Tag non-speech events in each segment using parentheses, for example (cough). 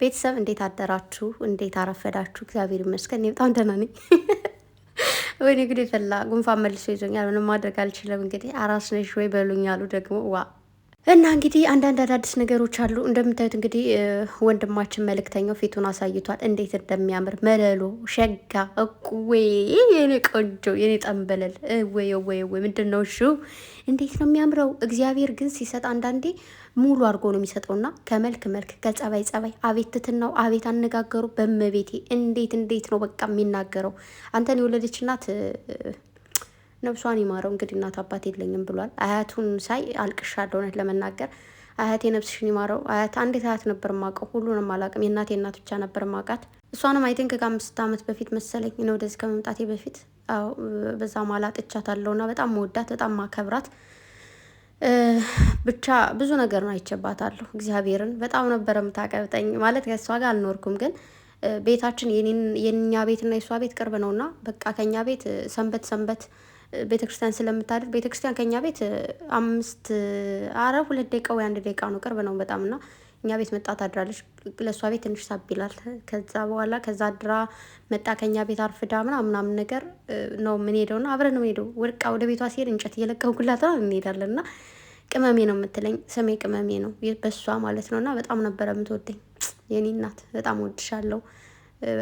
ቤተሰብ እንዴት አደራችሁ? እንዴት አረፈዳችሁ? እግዚአብሔር ይመስገን እኔ በጣም ደህና ነኝ። (laughs) ወይኔ እንግዲህ ፈላ ጉንፋን መልሶ ይዞኛል። ምንም ማድረግ አልችልም። እንግዲህ አራስ ነሽ ወይ በሉኝ አሉ ደግሞ ዋ እና እንግዲህ አንዳንድ አዳዲስ ነገሮች አሉ። እንደምታዩት እንግዲህ ወንድማችን መልእክተኛው ፊቱን አሳይቷል፣ እንዴት እንደሚያምር መለሎ ሸጋ እቁዌ፣ የኔ ቆንጆ፣ የኔ ጠንበለል፣ ወይ ወይ ወይ፣ ምንድን ነው እሹ፣ እንዴት ነው የሚያምረው! እግዚአብሔር ግን ሲሰጥ አንዳንዴ ሙሉ አድርጎ ነው የሚሰጠውና ከመልክ መልክ፣ ከጸባይ ጸባይ፣ አቤት ትትናው፣ አቤት አነጋገሩ፣ በመቤቴ እንዴት እንዴት ነው በቃ የሚናገረው። አንተን የወለደች እናት ነብሷን ይማረው። እንግዲህ እናት አባት የለኝም ብሏል። አያቱን ሳይ አልቅሻለሁ። እውነት ለመናገር አያቴ ነብስሽን ይማረው። አያት አንዴት አያት ነበር ማቀው፣ ሁሉንም አላቅም። የእናቴ እናት ብቻ ነበር ማቃት። እሷንም አይቲንክ ከአምስት ዓመት በፊት መሰለኝ ነው ወደዚህ ከመምጣቴ በፊት በዛ ማላጥቻታለሁ እና በጣም መወዳት በጣም ማከብራት ብቻ ብዙ ነገር ነው አይቼባታለሁ። እግዚአብሔርን በጣም ነበረ የምታቀብጠኝ ማለት ከእሷ ጋር አልኖርኩም፣ ግን ቤታችን የኛ ቤትና የእሷ ቤት ቅርብ ነውና በቃ ከኛ ቤት ሰንበት ሰንበት ቤተክርስቲያን ስለምታደር ቤተክርስቲያን ከእኛ ቤት አምስት አረ ሁለት ደቂቃ ወይ አንድ ደቂቃ ነው፣ ቅርብ ነው በጣም እና እኛ ቤት መጣ ታድራለች። ለእሷ ቤት ትንሽ ሳብ ይላል። ከዛ በኋላ ከዛ አድራ መጣ ከእኛ ቤት አርፍዳ ምናምን ምናምን ነገር ነው የምንሄደው እና አብረን ነው የምንሄደው። ወድቃ ወደ ቤቷ ሲሄድ እንጨት እየለቀኩላት እንሄዳለን እና ቅመሜ ነው የምትለኝ። ስሜ ቅመሜ ነው በሷ ማለት ነው። እና በጣም ነበረ የምትወደኝ የኔ እናት። በጣም ወድሻለሁ፣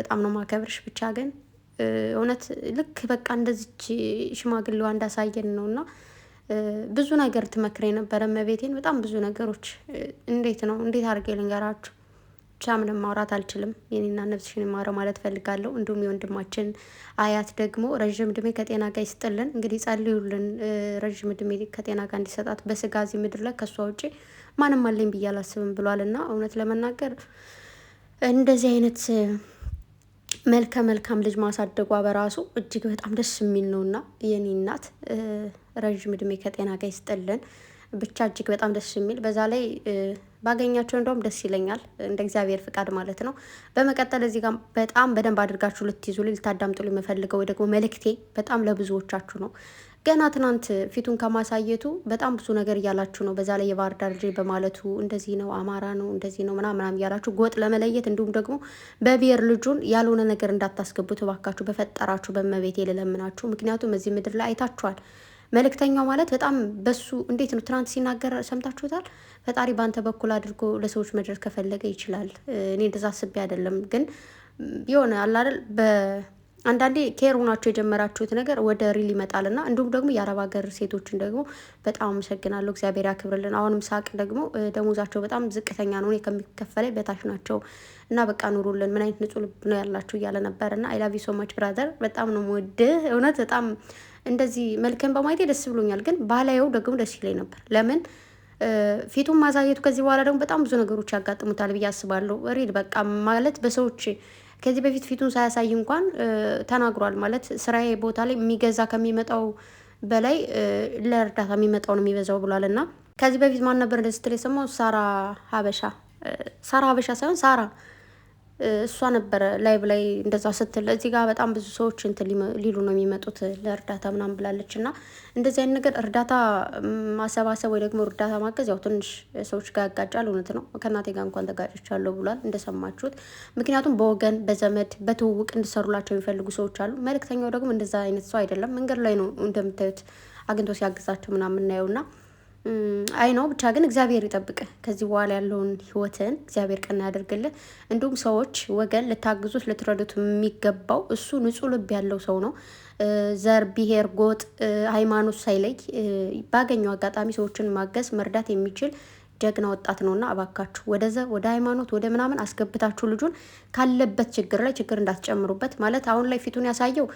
በጣም ነው ማከብርሽ። ብቻ ግን እውነት ልክ በቃ እንደዚች ሽማግሌዋ እንዳሳየን ነው እና ብዙ ነገር ትመክረ የነበረ መቤቴን በጣም ብዙ ነገሮች። እንዴት ነው እንዴት አድርጌ ልንገራችሁ? ብቻ ምንም ማውራት አልችልም። የኔና ነፍስሽን ማረ ማለት ፈልጋለሁ። እንዲሁም የወንድማችን አያት ደግሞ ረዥም እድሜ ከጤና ጋር ይስጥልን። እንግዲህ ጸልዩልን፣ ረዥም እድሜ ከጤና ጋር እንዲሰጣት። በስጋ እዚህ ምድር ላይ ከእሷ ውጪ ማንም አለኝ ብዬ አላስብም ብሏል እና እውነት ለመናገር እንደዚህ አይነት መልከ መልካም ልጅ ማሳደጓ በራሱ እጅግ በጣም ደስ የሚል ነውና የኔ እናት ረዥም እድሜ ከጤና ጋር ይስጥልን። ብቻ እጅግ በጣም ደስ የሚል በዛ ላይ ባገኛቸው እንደውም ደስ ይለኛል፣ እንደ እግዚአብሔር ፍቃድ ማለት ነው። በመቀጠል እዚህ ጋር በጣም በደንብ አድርጋችሁ ልትይዙ ልታዳምጡ የምፈልገው ወይ ደግሞ መልእክቴ በጣም ለብዙዎቻችሁ ነው። ገና ትናንት ፊቱን ከማሳየቱ በጣም ብዙ ነገር እያላችሁ ነው። በዛ ላይ የባህር ዳር ልጅ በማለቱ እንደዚህ ነው፣ አማራ ነው፣ እንደዚህ ነው ምናምን ምናምን እያላችሁ ጎጥ ለመለየት እንዲሁም ደግሞ በብሔር ልጁን ያልሆነ ነገር እንዳታስገቡት እባካችሁ፣ በፈጠራችሁ በመቤት ልለምናችሁ። ምክንያቱም እዚህ ምድር ላይ አይታችኋል መልእክተኛው ማለት በጣም በሱ እንዴት ነው ትናንት ሲናገር ሰምታችሁታል። ፈጣሪ በአንተ በኩል አድርጎ ለሰዎች መድረስ ከፈለገ ይችላል። እኔ እንደዛ አስቤ አይደለም፣ ግን የሆነ አላደል አንዳንዴ ኬር ሆናችሁ የጀመራችሁት ነገር ወደ ሪል ይመጣልና እንዲሁም ደግሞ የአረብ ሀገር ሴቶችን ደግሞ በጣም አመሰግናለሁ። እግዚአብሔር ያክብርልን። አሁንም ሳቅ ደግሞ ደሞዛቸው በጣም ዝቅተኛ ነው፣ ከሚከፈለ በታች ናቸው እና በቃ ኑሩልን፣ ምን አይነት ንጹህ ልብ ነው ያላችሁ እያለ ነበር እና አይላቪ ሶማች ብራዘር በጣም ነው የምወድህ እውነት በጣም እንደዚህ መልከን በማየቴ ደስ ብሎኛል። ግን ባላየው ደግሞ ደስ ይለኝ ነበር። ለምን ፊቱን ማሳየቱ ከዚህ በኋላ ደግሞ በጣም ብዙ ነገሮች ያጋጥሙታል ብዬ አስባለሁ። ሪል በቃ ማለት በሰዎች ከዚህ በፊት ፊቱን ሳያሳይ እንኳን ተናግሯል። ማለት ስራዬ ቦታ ላይ የሚገዛ ከሚመጣው በላይ ለእርዳታ የሚመጣው ነው የሚበዛው ብሏል። እና ከዚህ በፊት ማን ነበር እንደስትል የሰማው ሳራ ሀበሻ ሳራ ሀበሻ ሳይሆን ሳራ እሷ ነበረ ላይብ ላይ እንደዛ ስትል እዚህ ጋር በጣም ብዙ ሰዎች እንትን ሊሉ ነው የሚመጡት ለእርዳታ ምናምን ብላለች። እና እንደዚህ አይነት ነገር እርዳታ ማሰባሰብ ወይ ደግሞ እርዳታ ማገዝ ያው ትንሽ ሰዎች ጋር ያጋጫል። እውነት ነው። ከእናቴ ጋር እንኳን ተጋጭቻለሁ ብሏል እንደሰማችሁት። ምክንያቱም በወገን በዘመድ በትውውቅ እንዲሰሩላቸው የሚፈልጉ ሰዎች አሉ። መልእክተኛው ደግሞ እንደዛ አይነት ሰው አይደለም። መንገድ ላይ ነው እንደምታዩት አግኝቶ ሲያግዛቸው ምናምን ናየውና። አይ ነው ብቻ ግን እግዚአብሔር ይጠብቅ። ከዚህ በኋላ ያለውን ህይወትን እግዚአብሔር ቀና ያደርግልህ። እንዲሁም ሰዎች ወገን ልታግዙት ልትረዱት የሚገባው እሱ ንጹሕ ልብ ያለው ሰው ነው። ዘር፣ ብሔር፣ ጎጥ፣ ሃይማኖት ሳይለይ ባገኘው አጋጣሚ ሰዎችን ማገዝ መርዳት የሚችል ጀግና ወጣት ነውና እባካችሁ ዘር ወደ ሃይማኖት ወደ ምናምን አስገብታችሁ ልጁን ካለበት ችግር ላይ ችግር እንዳትጨምሩበት። ማለት አሁን ላይ ፊቱን ያሳየው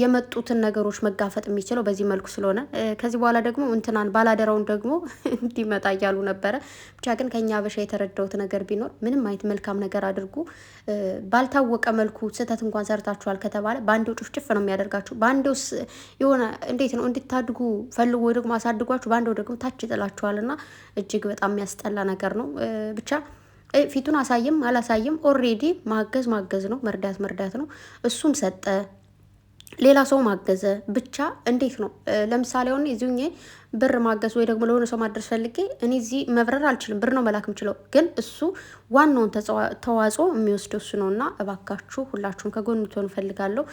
የመጡትን ነገሮች መጋፈጥ የሚችለው በዚህ መልኩ ስለሆነ ከዚህ በኋላ ደግሞ እንትናን ባላደራውን ደግሞ (laughs) እንዲመጣ እያሉ ነበረ። ብቻ ግን ከኛ አበሻ የተረዳሁት ነገር ቢኖር ምንም አይነት መልካም ነገር አድርጉ። ባልታወቀ መልኩ ስህተት እንኳን ሰርታችኋል ከተባለ በአንዴው ጭፍጭፍ ነው የሚያደርጋችሁ። በአንዴው የሆነ እንዴት ነው እንድታድጉ ፈልጎ ደግሞ አሳድጓችሁ በአንዴው ደግሞ ታች ይጥላችኋልና እጅግ በጣም የሚያስጠላ ነገር ነው ብቻ ፊቱን አሳየም አላሳየም፣ ኦሬዲ ማገዝ ማገዝ ነው፣ መርዳት መርዳት ነው። እሱም ሰጠ ሌላ ሰው ማገዘ ብቻ እንዴት ነው? ለምሳሌ አሁን እዚሁ ብር ማገዝ ወይ ደግሞ ለሆነ ሰው ማድረስ ፈልጌ እኔ እዚህ መብረር አልችልም። ብር ነው መላክ የምችለው፣ ግን እሱ ዋናውን ተዋጽኦ የሚወስደው እሱ ነው። እና እባካችሁ ሁላችሁም ከጎን ትሆን እፈልጋለሁ።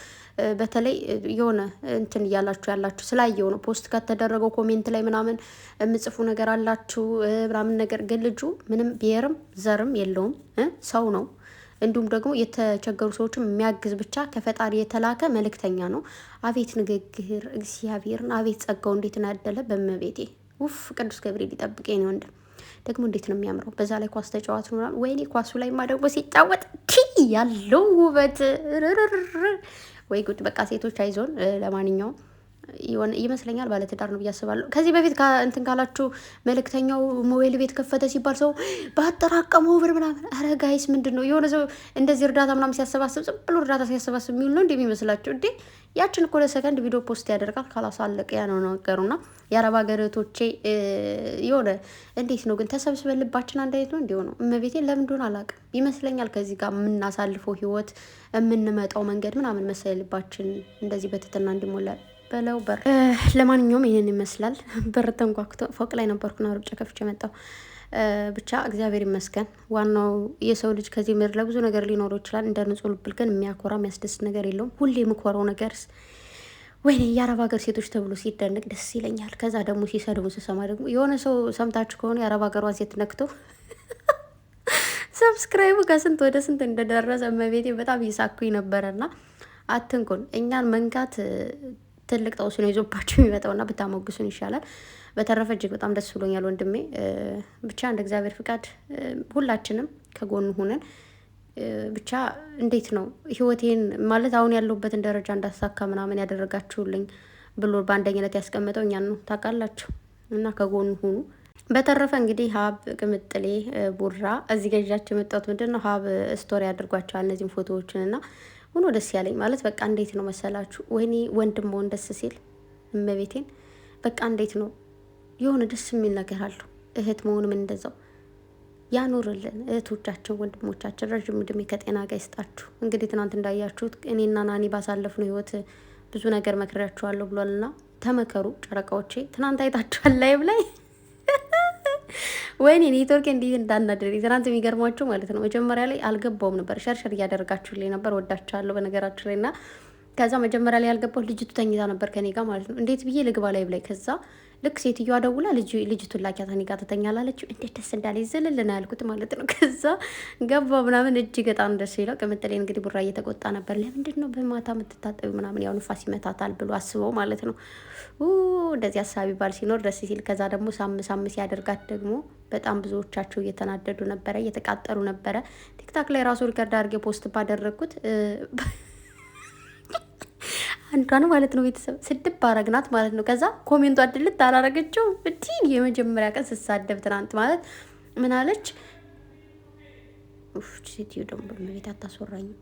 በተለይ የሆነ እንትን እያላችሁ ያላችሁ ስላየው ነው ፖስት ከተደረገው ኮሜንት ላይ ምናምን የምጽፉ ነገር አላችሁ ምናምን ነገር፣ ግን ልጁ ምንም ብሔርም ዘርም የለውም ሰው ነው እንዲሁም ደግሞ የተቸገሩ ሰዎችን የሚያግዝ ብቻ ከፈጣሪ የተላከ መልእክተኛ ነው። አቤት ንግግር እግዚአብሔርን፣ አቤት ጸጋው እንዴት እናደለ በመቤቴ ውፍ ቅዱስ ገብርኤል ይጠብቀኝ ነው። ወንድም ደግሞ እንዴት ነው የሚያምረው! በዛ ላይ ኳስ ተጫዋት ኖራል። ወይኔ ኳሱ ላይ ማ ደግሞ ሲጫወት ኪ ያለው ውበት ወይ ጉድ! በቃ ሴቶች አይዞን። ለማንኛውም ይመስለኛል ባለትዳር ነው ብዬ አስባለሁ። ከዚህ በፊት እንትን ካላችሁ መልእክተኛው ሞቤል ቤት ከፈተ ሲባል ሰው ባጠራቀመው ብር ምናምን፣ ኧረ ጋይስ ምንድን ነው የሆነ ሰው እንደዚህ እርዳታ ምናምን ሲያሰባስብ ዝም ብሎ እርዳታ ሲያሰባስብ የሚውል ነው እንደሚመስላችሁ እንዴ? ያችን እኮ ለሰከንድ ቪዲዮ ፖስት ያደርጋል ካላሳለቀ ያ ነው ነገሩ። ና የአረብ ሀገር የሆነ እንዴት ነው ግን ተሰብስበን ልባችን አንድ አይነት ነው እንዲሆ ነው እመቤቴ፣ ለምን እንደሆነ አላውቅም። ይመስለኛል ከዚህ ጋር የምናሳልፈው ህይወት የምንመጣው መንገድ ምናምን መሰል ልባችን እንደዚህ በትትና እንዲሞላል በለው በር። ለማንኛውም ይህን ይመስላል። በር ተንኳክቶ ፎቅ ላይ ነበርኩና ሩጫ ከፍቼ መጣሁ። ብቻ እግዚአብሔር ይመስገን። ዋናው የሰው ልጅ ከዚህ ምድር ለብዙ ነገር ሊኖረው ይችላል። እንደ ንጹህ ልብል ግን የሚያኮራ የሚያስደስት ነገር የለውም። ሁሌ የምኮረው ነገር ወይኔ የአረብ ሀገር ሴቶች ተብሎ ሲደንቅ ደስ ይለኛል። ከዛ ደግሞ ሲሰድቡ ስሰማ ደግሞ የሆነ ሰው ሰምታችሁ ከሆነ የአረብ ሀገሯ ሴት ነክቶ ሰብስክራይቡ ከስንት ወደ ስንት እንደደረሰ መቤቴ በጣም ይሳኩኝ ነበረና አትንኩን እኛን መንካት ትልቅ ጠውስ ነው ይዞባቸው የሚመጣውና ብታሞግሱን ይሻላል። በተረፈ እጅግ በጣም ደስ ብሎኛል ወንድሜ። ብቻ እንደ እግዚአብሔር ፍቃድ ሁላችንም ከጎኑ ሆነን ብቻ እንዴት ነው ህይወቴን ማለት አሁን ያለሁበትን ደረጃ እንዳሳካ ምናምን ያደረጋችሁልኝ ብሎ በአንደኝነት ያስቀመጠው እኛን ነው ታውቃላችሁ። እና ከጎኑ ሁኑ። በተረፈ እንግዲህ ሀብ ቅምጥሌ ቡራ እዚህ ገዣቸው የመጣሁት ምንድን ነው ሀብ ስቶሪ አድርጓቸዋል እነዚህም ፎቶዎችን እና ሆኖ ደስ ያለኝ ማለት በቃ እንዴት ነው መሰላችሁ፣ ወይኔ ወንድም መሆን ደስ ሲል እመቤቴን በቃ እንዴት ነው የሆነ ደስ የሚል ነገር አለው። እህት መሆንም እንደዛው ያኖርልን እህቶቻችን፣ ወንድሞቻችን ረዥም ድሜ ከጤና ጋር ይስጣችሁ። እንግዲህ ትናንት እንዳያችሁት እኔና ናኒ ባሳለፍነው ህይወት ብዙ ነገር መክሬያችኋለሁ ብሏልና ተመከሩ ጨረቃዎቼ። ትናንት አይታችኋል ላይብ ላይ (laughs) ወይኔ ኔትወርክ እንዴት እንዳናደር ትናንት የሚገርማችሁ ማለት ነው። መጀመሪያ ላይ አልገባውም ነበር፣ ሸርሸር እያደረጋችሁልኝ ነበር። ወዳችኋለሁ በነገራችሁ ላይ እና ከዛ መጀመሪያ ላይ ያልገባው ልጅቱ ተኝታ ነበር ከኔ ጋር ማለት ነው። እንዴት ብዬ ልግባ ላይ ብላይ ከዛ ልክ ሴትዮዋ ደውላ ልጅቱን ላኪያት እኔ ጋር ትተኛላለች። እንዴት ደስ እንዳለ ይዘልልና ያልኩት ማለት ነው። ከዛ ገባ ምናምን እጅ ገጣም ደስ ይለው ቅምጥሌ እንግዲህ ቡራ እየተቆጣ ነበር። ለምንድን ነው በማታ የምትታጠቢ ምናምን ያው ንፋስ ይመታታል ብሎ አስበው ማለት ነው። እንደዚህ አሳቢ ባል ሲኖር ደስ ሲል፣ ከዛ ደግሞ ሳም ሳም ሲያደርጋት ደግሞ በጣም ብዙዎቻቸው እየተናደዱ ነበረ፣ እየተቃጠሉ ነበረ። ቲክታክ ላይ ራሱ ሪከርድ አድርጌ ፖስት ባደረግኩት አንዷን ማለት ነው ቤተሰብ ስድብ አረግናት ማለት ነው። ከዛ ኮሜንቱ ድልት አላረገችው እንዲህ የመጀመሪያ ቀን ስሳደብ ትናንት ማለት ምን አለች? ሴትዮ ደግሞ ቤት አታስወራኝም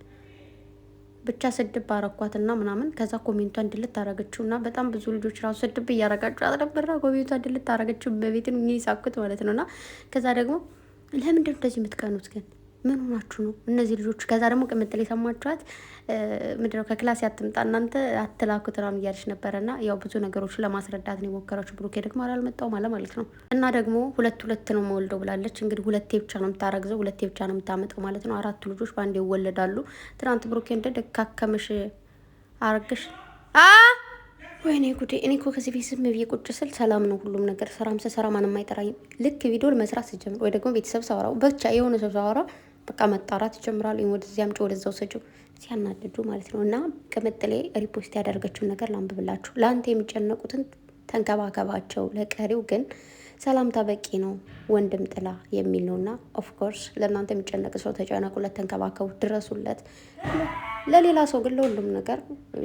ብቻ ስድብ አረኳትና ምናምን ከዛ ኮሜንቷ እንድልት አረገችው እና በጣም ብዙ ልጆች ራሱ ስድብ እያረጋችሁ አልነበረ? ኮሜንቷ እንድልት አረገችው በቤትን ሳኩት ማለት ነው። እና ከዛ ደግሞ ለምንድን እንደዚህ የምትቀኑት ግን ምን ሆናችሁ ነው እነዚህ ልጆች? ከዛ ደግሞ ቅምጥል የሰማችኋት ነው? ከክላስ ያትምጣ እናንተ አትላኩት ራም እያለች ነበረና ያው ብዙ ነገሮች ለማስረዳት ነው የሞከረችው። ብሩኬ ደግሞ አላልመጣውም አለ ማለት ነው። እና ደግሞ ሁለት ሁለት ነው መወልደው ብላለች። እንግዲህ ሁለቴ ብቻ ነው የምታረግዘው፣ ሁለቴ ብቻ ነው የምታመጠው ማለት ነው። አራቱ ልጆች በአንድ ይወለዳሉ። ትናንት ብሩኬ እንደደካከመሽ አረግሽ ወይኔ ጉዴ! እኔ እኮ ከዚህ ቤት ዝም ብዬ ቁጭ ስል ሰላም ነው ሁሉም ነገር። ስራም ስሰራ ማንም አይጠራኝም። ልክ ቪዲዮ መስራት ስጀምር ወይ ደግሞ ቤተሰብ ሳወራ ብቻ የሆነ ሰው ሳወራ በቃ መጣራት ይጀምራሉ። ወደዚያ አምጪ፣ ወደዛ ሰጪው ሲያናድዱ ማለት ነው። እና ቅምጥሌ ሪፖስት ያደረገችውን ነገር ላንብብላችሁ። ለአንተ የሚጨነቁትን ተንከባከባቸው፣ ለቀሪው ግን ሰላምታ በቂ ነው፣ ወንድም ጥላ የሚል ነው እና ኦፍኮርስ ለእናንተ የሚጨነቅ ሰው ተጨነቁለት፣ ተንከባከቡ፣ ድረሱለት። ለሌላ ሰው ግን ለሁሉም ነገር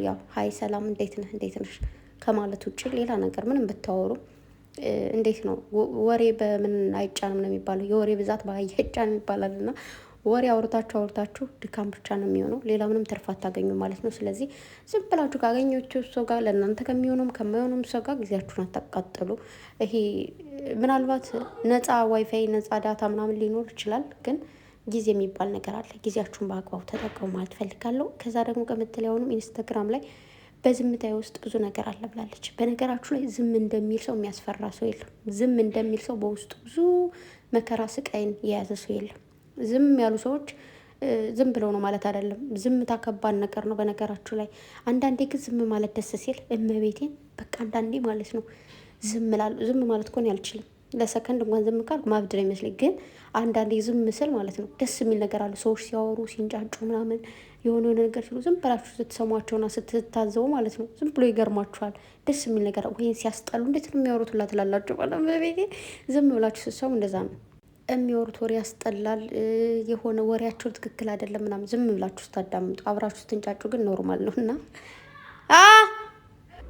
ያው ሀይ ሰላም፣ እንዴት ነህ፣ እንዴት ነሽ ከማለት ውጭ ሌላ ነገር ምንም ብታወሩ እንዴት ነው ወሬ በምን አይጫንም ነው የሚባለው። የወሬ ብዛት በአይ አይጫንም ይባላል እና ወሬ አውርታችሁ አውርታችሁ ድካም ብቻ ነው የሚሆነው። ሌላ ምንም ትርፍ አታገኙ ማለት ነው። ስለዚህ ዝም ብላችሁ ካገኘችው ሰው ጋር ለእናንተ ከሚሆኑም ከማይሆኑም ሰው ጋር ጊዜያችሁን አታቃጥሉ። ይሄ ምናልባት ነፃ ዋይፋይ ነፃ ዳታ ምናምን ሊኖር ይችላል፣ ግን ጊዜ የሚባል ነገር አለ። ጊዜያችሁን በአግባቡ ተጠቀሙ ማለት ፈልጋለሁ። ከዛ ደግሞ ቅምትል ያሆኑም ኢንስታግራም ላይ በዝምታ ውስጥ ብዙ ነገር አለ ብላለች። በነገራችሁ ላይ ዝም እንደሚል ሰው የሚያስፈራ ሰው የለም። ዝም እንደሚል ሰው በውስጡ ብዙ መከራ ስቃይን የያዘ ሰው የለም። ዝም ያሉ ሰዎች ዝም ብለው ነው ማለት አይደለም። ዝምታ ከባድ ነገር ነው። በነገራችሁ ላይ አንዳንዴ ግን ዝም ማለት ደስ ሲል እመቤቴን በቃ አንዳንዴ ማለት ነው ዝም ላሉ ዝም ማለት ኮን ያልችልም አልችልም። ለሰከንድ እንኳን ዝም ካልኩ ማብድር ይመስለኝ። ግን አንዳንዴ ዝም ምስል ማለት ነው ደስ የሚል ነገር አለ። ሰዎች ሲያወሩ ሲንጫጩ ምናምን የሆነ የሆነ ነገር ሲሉ ዝም ብላችሁ ስትሰሟቸውና ስትታዘቡ ማለት ነው ዝም ብሎ ይገርማችኋል። ደስ የሚል ነገር ወይም ሲያስጠሉ እንዴት ነው የሚያወሩት ትላላችሁ። በቤቴ ዝም ብላችሁ ስትሰሙ እንደዛ ነው። የሚወሩት ወሬ ያስጠላል። የሆነ ወሬያቸው ትክክል አይደለም ምናምን ዝም ብላችሁ ስታዳምጡ አብራችሁ ስትንጫጩ ግን ኖርማል ነው እና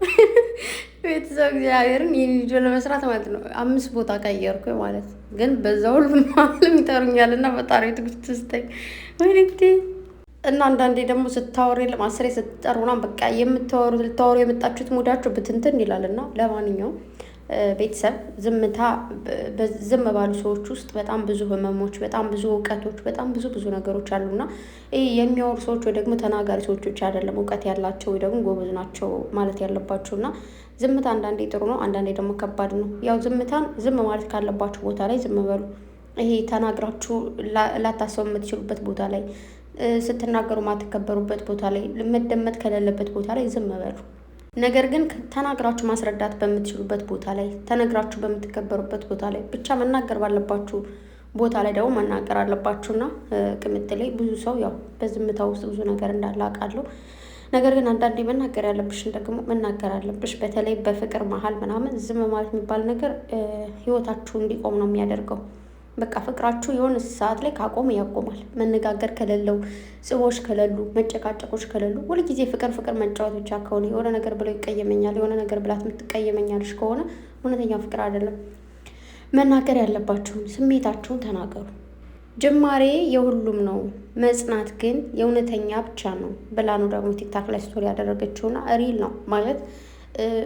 (laughs) ቤተሰብ እግዚአብሔርን ይህን ቪዲዮ ለመስራት ማለት ነው አምስት ቦታ ቀየርኩ ማለት ግን በዛ ሁሉ ማለም ይጠሩኛል እና ፈጣሪ ትግስት ስጠኝ ወይንቴ እና አንዳንዴ ደግሞ ስታወሩ የለም አስሬ ስትጠሩ በቃ የምታወሩ ልታወሩ የመጣችሁት ሙዳችሁ ብትንትን ይላል እና ለማንኛውም ቤተሰብ ዝምታ ዝም ባሉ ሰዎች ውስጥ በጣም ብዙ ህመሞች፣ በጣም ብዙ እውቀቶች፣ በጣም ብዙ ብዙ ነገሮች አሉና ይህ የሚያወሩ ሰዎች ወይ ደግሞ ተናጋሪ ሰዎች ብቻ አይደለም እውቀት ያላቸው ወይ ደግሞ ጎበዝ ናቸው ማለት ያለባቸው እና ዝምታ አንዳንዴ ጥሩ ነው፣ አንዳንዴ ደግሞ ከባድ ነው። ያው ዝምታን ዝም ማለት ካለባቸው ቦታ ላይ ዝም በሉ። ይሄ ተናግራችሁ ላታሰው የምትችሉበት ቦታ ላይ ስትናገሩ ማትከበሩበት ቦታ ላይ መደመጥ ከሌለበት ቦታ ላይ ዝም በሉ። ነገር ግን ተናግራችሁ ማስረዳት በምትችሉበት ቦታ ላይ ተነግራችሁ በምትከበሩበት ቦታ ላይ ብቻ መናገር ባለባችሁ ቦታ ላይ ደግሞ መናገር አለባችሁና ቅምጥ ላይ ብዙ ሰው ያው በዝምታ ውስጥ ብዙ ነገር እንዳለ አውቃለሁ። ነገር ግን አንዳንዴ መናገር ያለብሽን ደግሞ መናገር አለብሽ። በተለይ በፍቅር መሀል ምናምን ዝም ማለት የሚባል ነገር ህይወታችሁ እንዲቆም ነው የሚያደርገው። በቃ ፍቅራችሁ የሆነ ሰዓት ላይ ካቆመ ያቆማል። መነጋገር ከሌለው፣ ጽቦች ከሌሉ፣ መጨቃጨቆች ከሌሉ ሁልጊዜ ፍቅር ፍቅር መጫወት ብቻ ከሆነ የሆነ ነገር ብለው ይቀየመኛል፣ የሆነ ነገር ብላት የምትቀየመኛልሽ ከሆነ እውነተኛ ፍቅር አይደለም። መናገር ያለባችሁን ስሜታችሁን ተናገሩ። ጅማሬ የሁሉም ነው፣ መጽናት ግን የእውነተኛ ብቻ ነው ብላ ነው ደግሞ ቲክታክ ላይ ስቶሪ ያደረገችውና ሪል ነው ማለት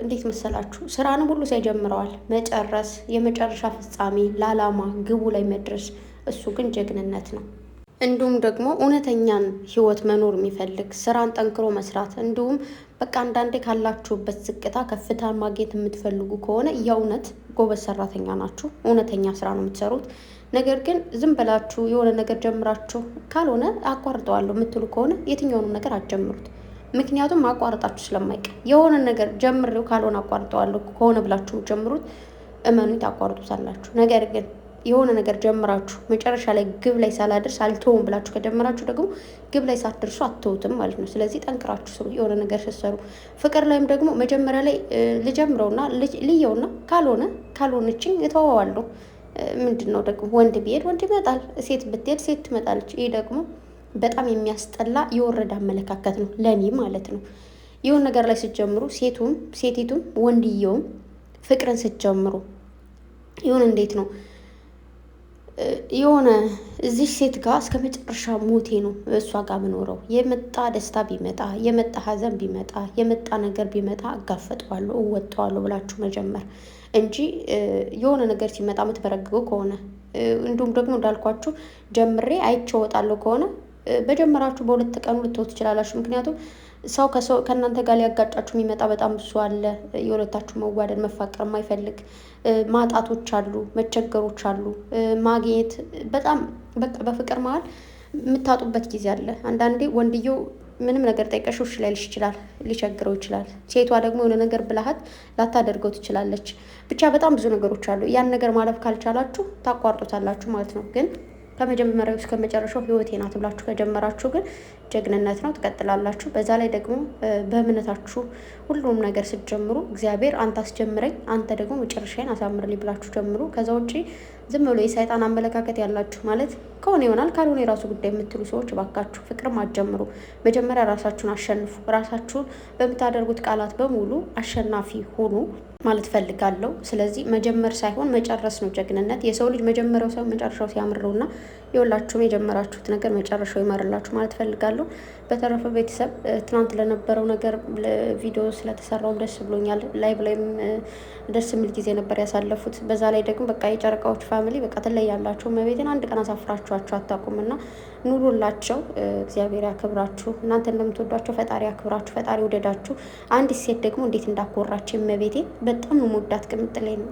እንዴት መሰላችሁ ስራን ሁሉ ሲያጀምረዋል መጨረስ የመጨረሻ ፍጻሜ ለዓላማ ግቡ ላይ መድረስ እሱ ግን ጀግንነት ነው። እንዲሁም ደግሞ እውነተኛን ህይወት መኖር የሚፈልግ ስራን ጠንክሮ መስራት እንዲሁም በቃ አንዳንዴ ካላችሁበት ዝቅታ ከፍታን ማግኘት የምትፈልጉ ከሆነ የእውነት ጎበዝ ሰራተኛ ናችሁ። እውነተኛ ስራ ነው የምትሰሩት። ነገር ግን ዝም ብላችሁ የሆነ ነገር ጀምራችሁ ካልሆነ አቋርጠዋለሁ የምትሉ ከሆነ የትኛውንም ነገር አትጀምሩት። ምክንያቱም አቋርጣችሁ ስለማይቀ የሆነ ነገር ጀምሬው ካልሆነ አቋርጠዋለሁ ከሆነ ብላችሁ ጀምሩት፣ እመኑኝ ታቋርጡታላችሁ። ነገር ግን የሆነ ነገር ጀምራችሁ መጨረሻ ላይ ግብ ላይ ሳላደርስ አልተውም ብላችሁ ከጀመራችሁ ደግሞ ግብ ላይ ሳትደርሱ አትተውትም ማለት ነው። ስለዚህ ጠንክራችሁ ስሩ። የሆነ ነገር ስትሰሩ ፍቅር ላይም ደግሞ መጀመሪያ ላይ ልጀምረውና ልየውና ካልሆነ ካልሆነችኝ እተወዋለሁ። ምንድን ነው ደግሞ ወንድ ቢሄድ ወንድ ይመጣል፣ ሴት ብትሄድ ሴት ትመጣለች። ይህ ደግሞ በጣም የሚያስጠላ የወረደ አመለካከት ነው ለእኔ ማለት ነው። ይሁን ነገር ላይ ስትጀምሩ ሴቱም ሴቲቱም ወንድየውም ፍቅርን ስትጀምሩ ይሁን እንዴት ነው የሆነ እዚህ ሴት ጋር እስከ መጨረሻ ሞቴ ነው እሷ ጋር ምኖረው። የመጣ ደስታ ቢመጣ የመጣ ሀዘን ቢመጣ የመጣ ነገር ቢመጣ አጋፈጠዋለሁ እወጣዋለሁ ብላችሁ መጀመር እንጂ የሆነ ነገር ሲመጣ የምትበረግጉ ከሆነ እንዲሁም ደግሞ እንዳልኳችሁ ጀምሬ አይቼ እወጣለሁ ከሆነ በጀመራችሁ በሁለት ቀኑ ልትወት ትችላላችሁ። ምክንያቱም ሰው ከእናንተ ጋር ሊያጋጫችሁ የሚመጣ በጣም ብዙ አለ። የሁለታችሁ መዋደድ መፋቀር የማይፈልግ ማጣቶች አሉ፣ መቸገሮች አሉ፣ ማግኘት በጣም በቃ በፍቅር መሀል የምታጡበት ጊዜ አለ። አንዳንዴ ወንድየው ምንም ነገር ጠይቀሽው እሺ ላይልሽ ይችላል፣ ሊቸግረው ይችላል። ሴቷ ደግሞ የሆነ ነገር ብልሃት ላታደርገው ትችላለች። ብቻ በጣም ብዙ ነገሮች አሉ። ያን ነገር ማለፍ ካልቻላችሁ ታቋርጦታላችሁ ማለት ነው ግን ከመጀመሪያው እስከ መጨረሻው ህይወቴ ናት ብላችሁ ከጀመራችሁ ግን ጀግንነት ነው፣ ትቀጥላላችሁ። በዛ ላይ ደግሞ በእምነታችሁ ሁሉም ነገር ስትጀምሩ እግዚአብሔር አንተ አስጀምረኝ፣ አንተ ደግሞ መጨረሻዬን አሳምርልኝ ብላችሁ ጀምሩ። ከዛ ውጭ ዝም ብሎ የሳይጣን አመለካከት ያላችሁ ማለት ከሆነ ይሆናል፣ ካልሆነ የራሱ ጉዳይ የምትሉ ሰዎች ባካችሁ ፍቅርም አትጀምሩ። መጀመሪያ ራሳችሁን አሸንፉ። ራሳችሁን በምታደርጉት ቃላት በሙሉ አሸናፊ ሁኑ። ማለት ፈልጋለሁ። ስለዚህ መጀመር ሳይሆን መጨረስ ነው ጀግንነት። የሰው ልጅ መጀመሪያው ሳይሆን መጨረሻው ሲያምረውና የሁላችሁም የጀመራችሁት ነገር መጨረሻው ይመርላችሁ ማለት ፈልጋለሁ። በተረፈ ቤተሰብ ትናንት ለነበረው ነገር ቪዲዮ ስለተሰራውም ደስ ብሎኛል። ላይቭ ላይም ደስ የሚል ጊዜ ነበር ያሳለፉት። በዛ ላይ ደግሞ በቃ የጨረቃዎች ፋሚሊ በቃ ትለያላችሁ። መቤትን አንድ ቀን አሳፍራችኋቸው አታውቁም እና ኑሩላቸው። እግዚአብሔር ያክብራችሁ። እናንተ እንደምትወዷቸው ፈጣሪ ያክብራችሁ፣ ፈጣሪ ውደዳችሁ። አንዲት ሴት ደግሞ እንዴት እንዳኮራችሁ መቤቴ በጣም ነው የምወዳት። ቅምጥሌን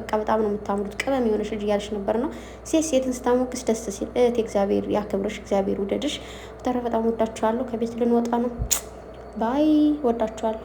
በቃ በጣም ነው የምታምሩት። ቅመም የሆነች ልጅ እያለች ነበር እና ሴት ሴትን ስታሞቅስ ደስ ሲል እህት እግዚአብሔር ያክብርሽ፣ እግዚአብሔር ውደድሽ። በተረፈ በጣም ወዳችኋለሁ። ከቤት ልንወጣ ነው። ባይ። ወዳችኋለሁ።